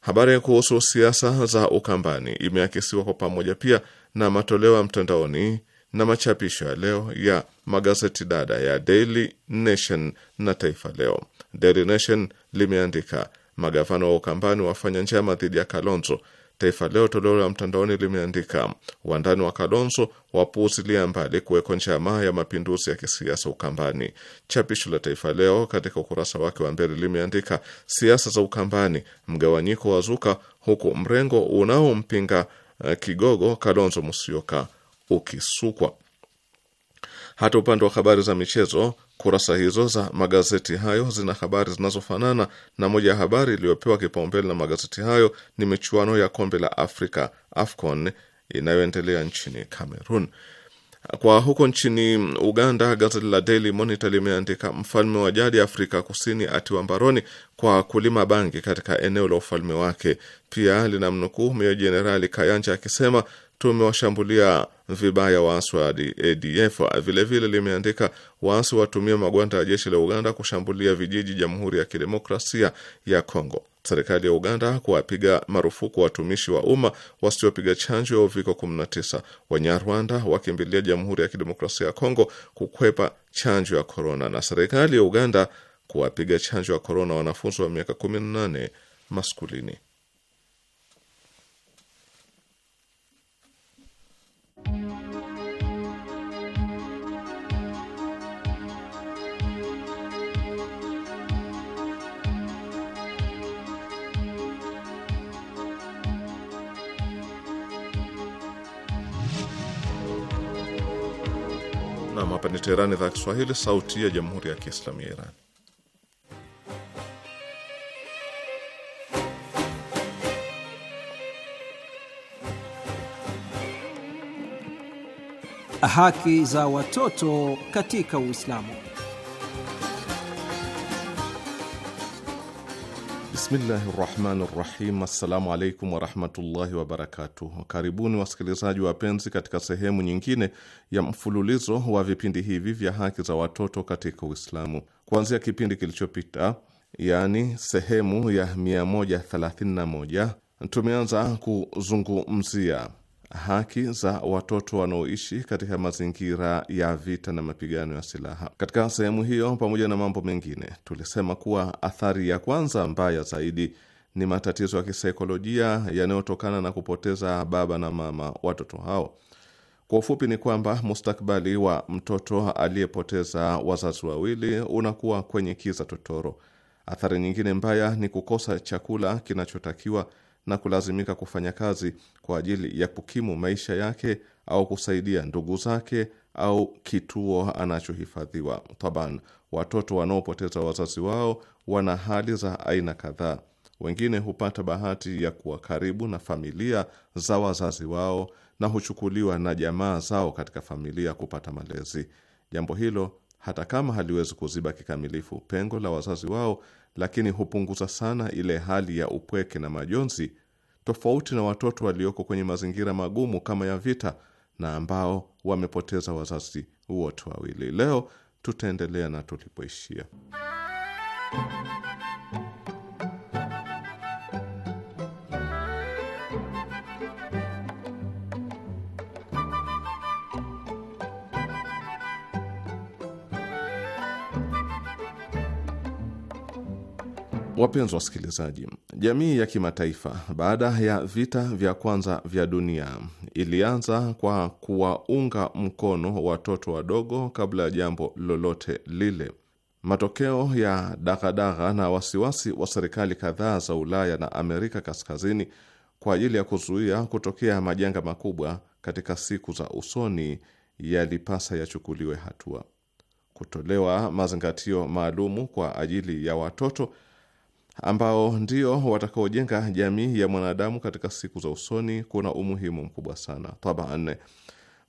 Habari kuhusu siasa za Ukambani imeakisiwa kwa pamoja pia na matoleo ya mtandaoni na machapisho ya leo ya magazeti dada ya Daily Nation na Taifa Leo. Daily Nation limeandika magavana wa Ukambani wafanya njama dhidi ya Kalonzo. Taifa Leo toleo la mtandaoni limeandika wandani wa Kalonzo wapuuzilia mbali kuweko njama ya mapinduzi ya kisiasa Ukambani. Chapisho la Taifa Leo katika ukurasa wake wa mbele limeandika siasa za Ukambani, mgawanyiko wazuka, huku mrengo unaompinga eh, kigogo Kalonzo Musyoka ukisukwa. Hata upande wa habari za michezo, kurasa hizo za magazeti hayo zina habari zinazofanana, na moja ya habari iliyopewa kipaumbele na magazeti hayo ni michuano ya kombe la Afrika AFCON inayoendelea nchini Cameroon. Kwa huko nchini Uganda, gazeti la Daily Monitor limeandika mfalme wa jadi Afrika Kusini atiwa mbaroni kwa kulima bangi katika eneo la ufalme wake. Pia linamnukuu meja jenerali Kayanja akisema tumewashambulia vibaya waasi wa ADF. Vilevile limeandika waasi watumia magwanda ya jeshi la Uganda kushambulia vijiji Jamhuri ya Kidemokrasia ya Kongo. Serikali ya Uganda kuwapiga marufuku watumishi wa umma wasiopiga chanjo ya uviko 19. Wanyarwanda wakimbilia Jamhuri ya Kidemokrasia ya Kongo kukwepa chanjo ya korona, na serikali ya Uganda kuwapiga chanjo ya korona wanafunzi wa miaka 18 maskulini. Hapa ni Teherani, idhaa ya Kiswahili, sauti ya jamhuri ya kiislamu ya Iran. Haki za watoto katika Uislamu. Bismillahi rahmani rahim. Assalamu alaikum warahmatullahi wabarakatuh. Karibuni wasikilizaji wapenzi, katika sehemu nyingine ya mfululizo wa vipindi hivi vya haki za watoto katika Uislamu. Kuanzia kipindi kilichopita, yaani sehemu ya 131, tumeanza kuzungumzia haki za watoto wanaoishi katika mazingira ya vita na mapigano ya silaha. Katika sehemu hiyo, pamoja na mambo mengine, tulisema kuwa athari ya kwanza mbaya zaidi ni matatizo ya kisaikolojia yanayotokana na kupoteza baba na mama watoto hao. Kwa ufupi, ni kwamba mustakabali wa mtoto aliyepoteza wazazi wawili unakuwa kwenye kiza totoro. Athari nyingine mbaya ni kukosa chakula kinachotakiwa na kulazimika kufanya kazi kwa ajili ya kukimu maisha yake au kusaidia ndugu zake au kituo anachohifadhiwa. Taban, watoto wanaopoteza wazazi wao wana hali za aina kadhaa. Wengine hupata bahati ya kuwa karibu na familia za wazazi wao na huchukuliwa na jamaa zao katika familia kupata malezi. Jambo hilo hata kama haliwezi kuziba kikamilifu pengo la wazazi wao, lakini hupunguza sana ile hali ya upweke na majonzi, tofauti na watoto walioko kwenye mazingira magumu kama ya vita na ambao wamepoteza wazazi wote wawili. Leo tutaendelea na tulipoishia. Wapenzi wasikilizaji, jamii ya kimataifa baada ya vita vya kwanza vya dunia ilianza kwa kuwaunga mkono watoto wadogo kabla ya jambo lolote lile. Matokeo ya daghadagha na wasiwasi wa serikali kadhaa za Ulaya na Amerika Kaskazini kwa ajili ya kuzuia kutokea majanga makubwa katika siku za usoni yalipasa yachukuliwe hatua. Kutolewa mazingatio maalumu kwa ajili ya watoto ambao ndio watakaojenga jamii ya mwanadamu katika siku za usoni kuna umuhimu mkubwa sana tabaan.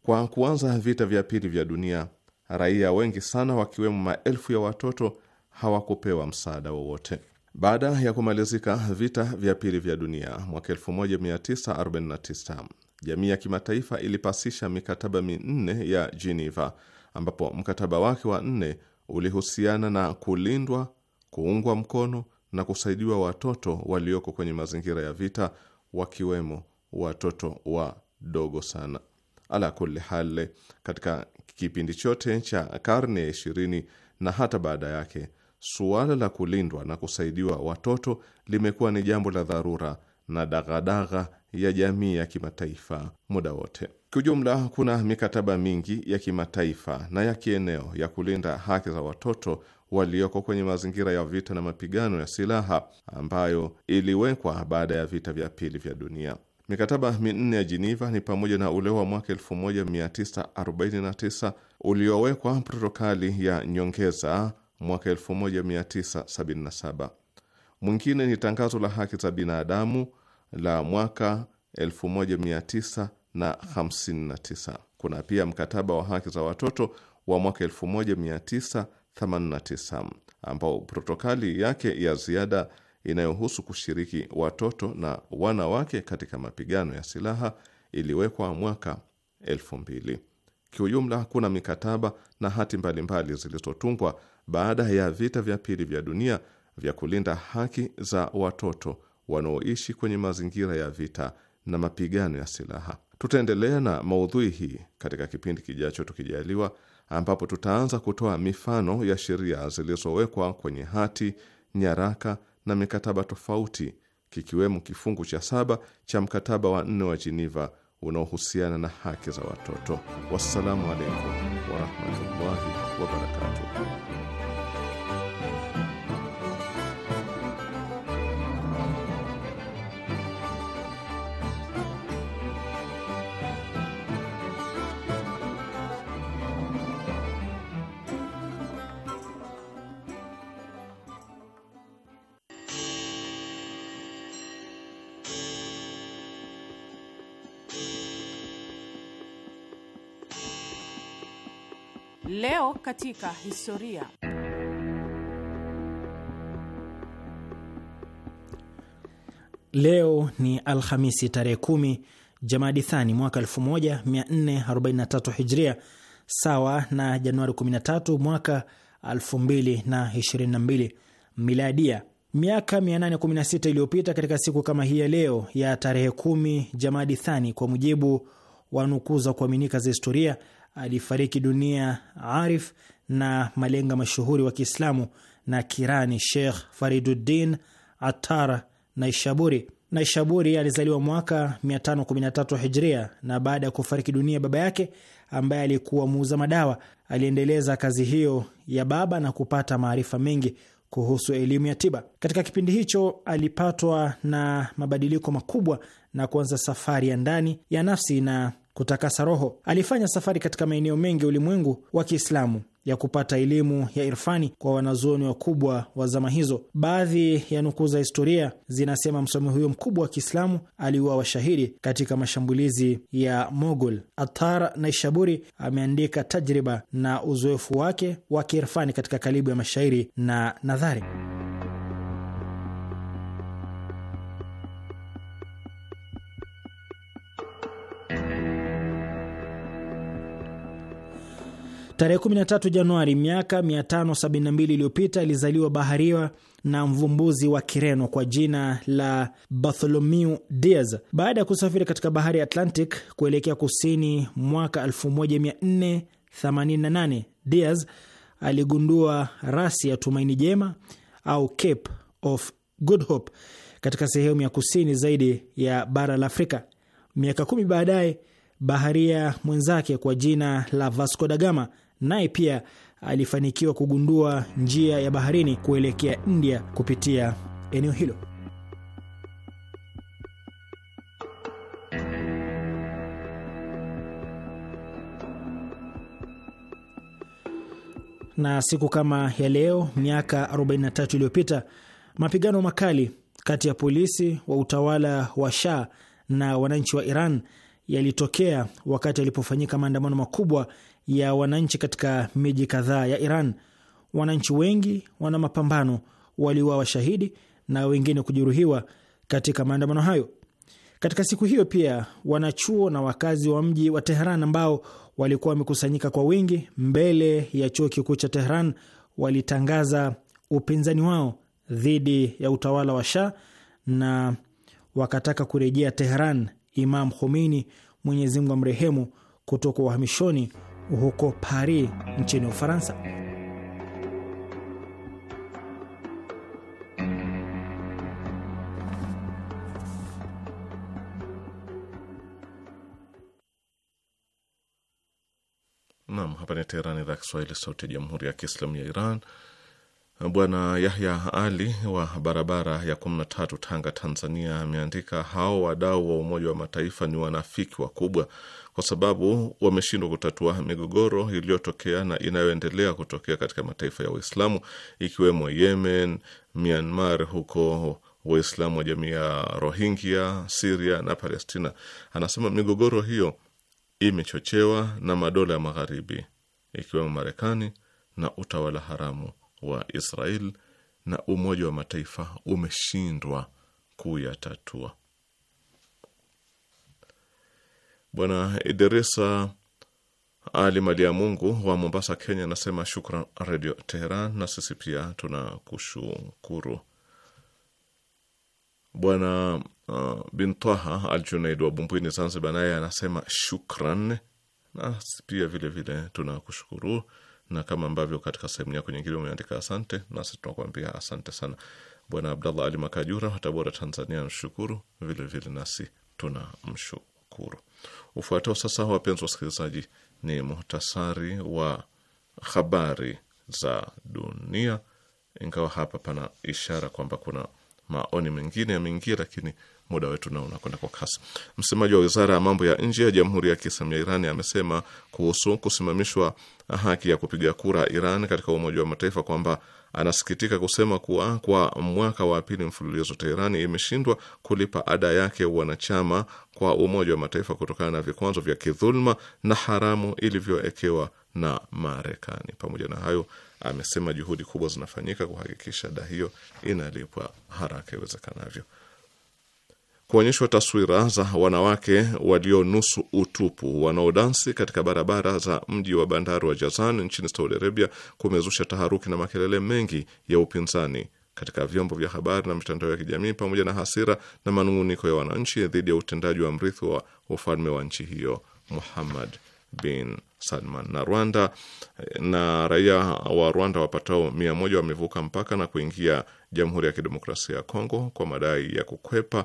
Kwa kuanza vita vya pili vya dunia, raia wengi sana wakiwemo maelfu ya watoto hawakupewa msaada wowote. Baada ya kumalizika vita vya pili vya dunia mwaka 1949 jamii ya kimataifa ilipasisha mikataba minne ya Geneva, ambapo mkataba wake wa nne ulihusiana na kulindwa, kuungwa mkono na kusaidiwa watoto walioko kwenye mazingira ya vita, wakiwemo watoto wadogo sana. Ala kulli hal, katika kipindi chote cha karne ya ishirini na hata baada yake, suala la kulindwa na kusaidiwa watoto limekuwa ni jambo la dharura na dagadaga ya jamii ya kimataifa muda wote. Kiujumla, kuna mikataba mingi ya kimataifa na ya kieneo ya kulinda haki za watoto walioko kwenye mazingira ya vita na mapigano ya silaha ambayo iliwekwa baada ya vita vya pili vya dunia. Mikataba minne ya jiniva ni pamoja na ule wa mwaka 1949 uliowekwa protokali ya nyongeza mwaka 1977. Mwingine ni tangazo la haki za binadamu la mwaka 1959. Kuna pia mkataba wa haki za watoto wa mwaka 19 89 ambao protokali yake ya ziada inayohusu kushiriki watoto na wanawake katika mapigano ya silaha iliwekwa mwaka 2000. Kiujumla, kuna mikataba na hati mbalimbali zilizotungwa baada ya vita vya pili vya dunia vya kulinda haki za watoto wanaoishi kwenye mazingira ya vita na mapigano ya silaha. Tutaendelea na maudhui hii katika kipindi kijacho tukijaliwa, ambapo tutaanza kutoa mifano ya sheria zilizowekwa kwenye hati, nyaraka na mikataba tofauti, kikiwemo kifungu cha saba cha mkataba wa nne wa jiniva unaohusiana na haki za watoto. Wassalamu alaikum warahmatullahi wabarakatuh. katika historia. Leo ni Alhamisi tarehe kumi Jamadi Thani mwaka 1443 Hijria, sawa na Januari 13 mwaka 2022 Miladia. Miaka 816 iliyopita katika siku kama hii ya leo ya tarehe kumi Jamadi Thani, kwa mujibu wa nukuu za kuaminika za historia, alifariki dunia arif na malenga mashuhuri wa Kiislamu na Kirani Sheikh Fariduddin Attar Naishaburi. Naishaburi alizaliwa mwaka 513 Hijria, na baada ya kufariki dunia baba yake ambaye alikuwa muuza madawa, aliendeleza kazi hiyo ya baba na kupata maarifa mengi kuhusu elimu ya tiba. Katika kipindi hicho alipatwa na mabadiliko makubwa na kuanza safari ya ndani ya nafsi na kutakasa roho. Alifanya safari katika maeneo mengi ya ulimwengu wa Kiislamu ya kupata elimu ya irfani kwa wanazuoni wakubwa wa zama hizo. Baadhi ya nukuu za historia zinasema msomi huyo mkubwa wa Kiislamu aliuawa washahidi katika mashambulizi ya Mogul. Athar Naishaburi ameandika tajriba na uzoefu wake wa kiirfani katika kalibu ya mashairi na nadhari. Tarehe 13 Januari miaka 572 iliyopita alizaliwa baharia na mvumbuzi wa Kireno kwa jina la Bartholomew Dias. Baada ya kusafiri katika bahari ya Atlantic kuelekea kusini mwaka 1488, Dias aligundua rasi ya Tumaini Jema au Cape of Good Hope katika sehemu ya kusini zaidi ya bara la Afrika. Miaka kumi baadaye, baharia mwenzake kwa jina la Vasco da Gama naye pia alifanikiwa kugundua njia ya baharini kuelekea India kupitia eneo hilo. Na siku kama ya leo miaka 43 iliyopita mapigano makali kati ya polisi wa utawala wa Shah na wananchi wa Iran yalitokea wakati alipofanyika maandamano makubwa ya wananchi katika miji kadhaa ya Iran. Wananchi wengi wana mapambano waliuawa washahidi na wengine kujeruhiwa katika maandamano hayo. Katika siku hiyo pia wanachuo na wakazi wa mji wa Tehran ambao walikuwa wamekusanyika kwa wingi mbele ya chuo kikuu cha Tehran walitangaza upinzani wao dhidi ya utawala wa Shah na wakataka kurejea Tehran Imam Khomeini, Mwenyezi Mungu amrehemu, kutoka uhamishoni huko Paris nchini Ufaransa. Naam, hapa ni Teherani, idhaa Kiswahili, sauti ya jamhuri ya kiislamu ya Iran. Bwana Yahya Ali wa barabara ya kumi na tatu, Tanga, Tanzania, ameandika hao wadau wa Umoja wa Mataifa ni wanafiki wakubwa, kwa sababu wameshindwa kutatua migogoro iliyotokea na inayoendelea kutokea katika mataifa ya Waislamu ikiwemo Yemen, Myanmar, huko Waislamu wa jamii ya Rohingya, Siria na Palestina. Anasema migogoro hiyo imechochewa na madola ya Magharibi ikiwemo Marekani na utawala haramu wa Israel na Umoja wa Mataifa umeshindwa kuyatatua. Bwana Idirisa Ali Malia Mungu wa Mombasa, Kenya, anasema shukran radio Teheran, na sisi pia tunakushukuru. Bwana uh, Bintwaha Al Junaid wa Bumbwini, Zanzibar, naye anasema shukran, na pia vilevile tunakushukuru na kama ambavyo katika sehemu yako nyingine umeandika asante, nasi tunakuambia asante sana. Bwana Abdallah Ali Makajura wa Tabora, Tanzania, nashukuru vilevile, nasi tuna mshukuru Ufuatao sasa, wapenzi wasikilizaji, ni muhtasari wa habari za dunia, ingawa hapa pana ishara kwamba kuna maoni mengine yameingia, lakini muda wetu nao unakwenda kwa kasi. Msemaji wa wizara ya mambo ya nje ya Jamhuri ya Kiislamu ya Iran amesema kuhusu kusimamishwa haki ya kupiga kura Iran katika Umoja wa Mataifa kwamba anasikitika kusema kuwa kwa mwaka wa pili mfululizo Teheran imeshindwa kulipa ada yake wanachama kwa Umoja wa Mataifa kutokana na vikwazo vya kidhulma na haramu ilivyoekewa na Marekani. Pamoja na hayo, amesema juhudi kubwa zinafanyika kuhakikisha ada hiyo inalipwa haraka iwezekanavyo kuonyeshwa taswira za wanawake walionusu utupu wanaodansi katika barabara za mji wa bandari wa Jazan nchini Saudi Arabia kumezusha taharuki na makelele mengi ya upinzani katika vyombo vya habari na mitandao ya kijamii pamoja na hasira na manung'uniko ya wananchi dhidi ya utendaji wa mrithi wa ufalme wa nchi hiyo Muhammad bin Salman. Na Rwanda na raia wa Rwanda wapatao mia moja wamevuka mpaka na kuingia Jamhuri ya Kidemokrasia ya Kongo kwa madai ya kukwepa